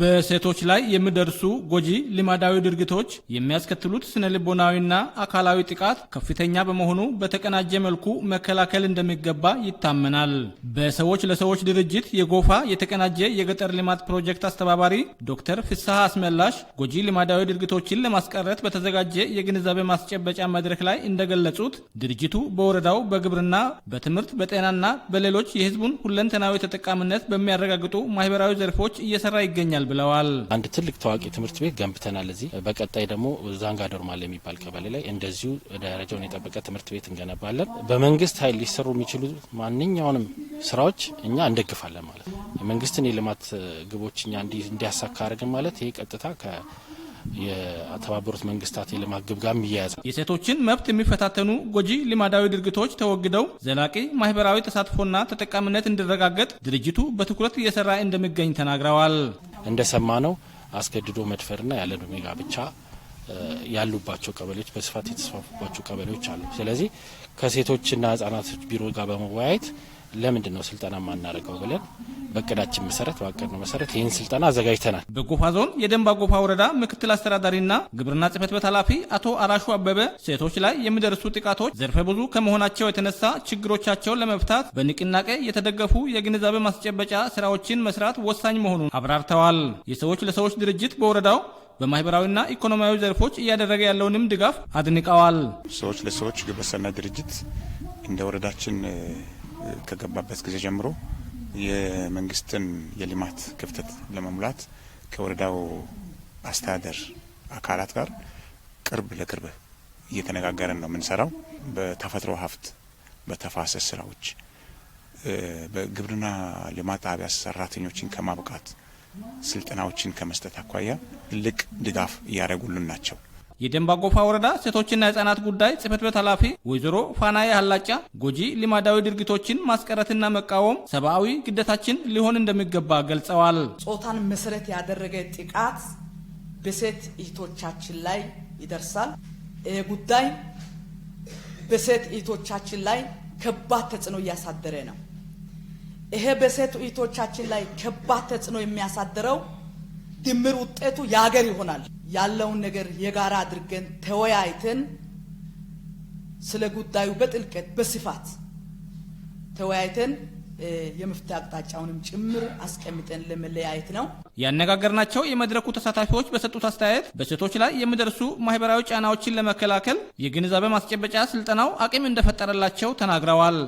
በሴቶች ላይ የሚደርሱ ጎጂ ልማዳዊ ድርጊቶች የሚያስከትሉት ስነ ልቦናዊና አካላዊ ጥቃት ከፍተኛ በመሆኑ በተቀናጀ መልኩ መከላከል እንደሚገባ ይታመናል። በሰዎች ለሰዎች ድርጅት የጎፋ የተቀናጀ የገጠር ልማት ፕሮጀክት አስተባባሪ ዶክተር ፍስሐ አስመላሽ ጎጂ ልማዳዊ ድርጊቶችን ለማስቀረት በተዘጋጀ የግንዛቤ ማስጨበጫ መድረክ ላይ እንደገለጹት ድርጅቱ በወረዳው በግብርና፣ በትምህርት፣ በጤናና በሌሎች የህዝቡን ሁለንተናዊ ተጠቃሚነት በሚያረጋግጡ ማህበራዊ ዘርፎች እየሰራ ይገኛል ይገኛል ብለዋል። አንድ ትልቅ ታዋቂ ትምህርት ቤት ገንብተናል እዚህ። በቀጣይ ደግሞ ዛንጋ ዶርማል የሚባል ቀበሌ ላይ እንደዚሁ ደረጃውን የጠበቀ ትምህርት ቤት እንገነባለን። በመንግስት ኃይል ሊሰሩ የሚችሉ ማንኛውንም ስራዎች እኛ እንደግፋለን ማለት ነው። የመንግስትን የልማት ግቦች እኛ እንዲያሳካ አድርገን ማለት ይሄ ቀጥታ የተባበሩት መንግስታት የልማት ግብ ጋር የሚያያዝ የሴቶችን መብት የሚፈታተኑ ጎጂ ልማዳዊ ድርጊቶች ተወግደው ዘላቂ ማህበራዊ ተሳትፎና ተጠቃሚነት እንዲረጋገጥ ድርጅቱ በትኩረት እየሰራ እንደሚገኝ ተናግረዋል። እንደሰማ ነው አስገድዶ መድፈርና ያለ ዕድሜ ጋብቻ ያሉባቸው ቀበሌዎች በስፋት የተስፋፉባቸው ቀበሌዎች አሉ። ስለዚህ ከሴቶችና ህጻናቶች ቢሮ ጋር በመወያየት ለምንድን ነው ስልጠና ማናደርገው ብለን በእቅዳችን መሰረት ባቀድነው መሰረት ይህን ስልጠና አዘጋጅተናል። በጎፋ ዞን የደንባ ጎፋ ወረዳ ምክትል አስተዳዳሪና ግብርና ጽህፈት ቤት ኃላፊ አቶ አራሹ አበበ ሴቶች ላይ የሚደርሱ ጥቃቶች ዘርፈ ብዙ ከመሆናቸው የተነሳ ችግሮቻቸውን ለመፍታት በንቅናቄ የተደገፉ የግንዛቤ ማስጨበጫ ስራዎችን መስራት ወሳኝ መሆኑን አብራርተዋል። የሰዎች ለሰዎች ድርጅት በወረዳው በማህበራዊና ኢኮኖሚያዊ ዘርፎች እያደረገ ያለውንም ድጋፍ አድንቀዋል። ሰዎች ለሰዎች ግብረሰናይ ድርጅት እንደ ወረዳችን ከገባበት ጊዜ ጀምሮ የመንግስትን የልማት ክፍተት ለመሙላት ከወረዳው አስተዳደር አካላት ጋር ቅርብ ለቅርብ እየተነጋገረን ነው የምንሰራው። በተፈጥሮ ሀብት፣ በተፋሰስ ስራዎች፣ በግብርና ልማት ጣቢያ ሰራተኞችን ከማብቃት ስልጠናዎችን ከመስጠት አኳያ ትልቅ ድጋፍ እያደረጉልን ናቸው። የደንባጎፋ ወረዳ ሴቶችና ህጻናት ጉዳይ ጽህፈት ቤት ኃላፊ ወይዘሮ ፋናዬ አላጫ ጎጂ ልማዳዊ ድርጊቶችን ማስቀረትና መቃወም ሰብአዊ ግዴታችን ሊሆን እንደሚገባ ገልጸዋል። ጾታን መሰረት ያደረገ ጥቃት በሴት እህቶቻችን ላይ ይደርሳል። ይህ ጉዳይ በሴት እህቶቻችን ላይ ከባድ ተጽዕኖ እያሳደረ ነው። ይሄ በሴት እህቶቻችን ላይ ከባድ ተጽዕኖ የሚያሳድረው ድምር ውጤቱ የሀገር ይሆናል። ያለውን ነገር የጋራ አድርገን ተወያይተን ስለ ጉዳዩ በጥልቀት በስፋት ተወያይተን የመፍትሄ አቅጣጫውንም ጭምር አስቀምጠን ለመለያየት ነው ያነጋገርናቸው። የመድረኩ ተሳታፊዎች በሰጡት አስተያየት በሴቶች ላይ የሚደርሱ ማህበራዊ ጫናዎችን ለመከላከል የግንዛቤ ማስጨበጫ ስልጠናው አቅም እንደፈጠረላቸው ተናግረዋል።